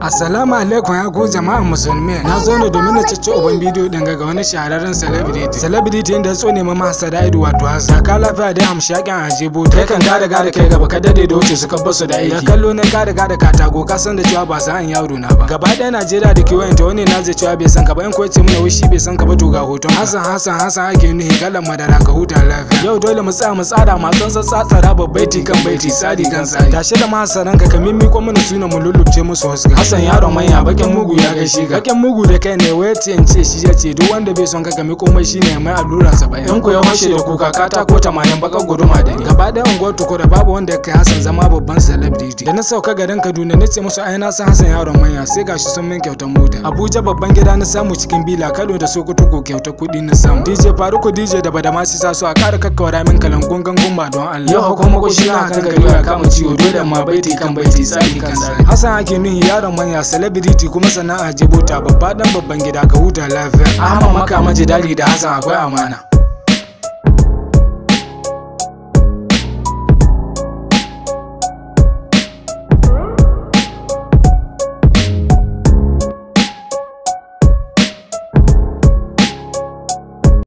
Assalamu alaikum ya ku jama'an musulmi. Na zo ne domin na cicci uban bidiyo din ga wani shahararren celebrity. Celebrity da so ne mama Hassada Ido wato Hassan Ka lafiya da hamshakin Ajebo. Kai kan ka daga da kai gaba ka dade da wuce suka basu da aiki. ya kallo ne ka daga da katago ka san da cewa ba sa an yaro na ba. Gaba ɗaya Najeriya da kewayen ta wani na zai cewa bai san ka ba in ko ce mana wishi bai san ka ba to ga hoton. Hassan Hassan Hassan ake nuhi galan madara ka huta lafiya. Yau dole mu tsaya mu tsara matsan tsatsara babbai kan baiti tsari kan tsari. Tashi da mahasaranka ka mimmiko mana suna mu lullubce musu wasu. san yaron manya bakin mugu ya ga ka bakin mugu da kai ne wai ce in ce shi ya ce duk wanda bai son ka mai komai shine mai allura sa in ku ya fashe da kuka kata ko tamanin bakar guduma da ni gaba ɗaya unguwar tukura babu wanda kai hasan zama babban celebrity da na sauka garin kaduna ne ce musu aina san hasan yaron manya sai gashi sun min kyauta mota abuja babban gida na samu cikin bila kano da sokoto ko kyauta kudi na samu dj faruku dj da badama shi sa su a kara kakkawara min kalan gungan gumba don allah yau kuma ko shi na hakan gari ya kama ciwo dole ma baiti kan baiti sai kan sai hasan ake yaron manya celebrity kuma sana'a jibota babba dan babban gida ka huta lafiya ahmad maka dali da hasan akwai amana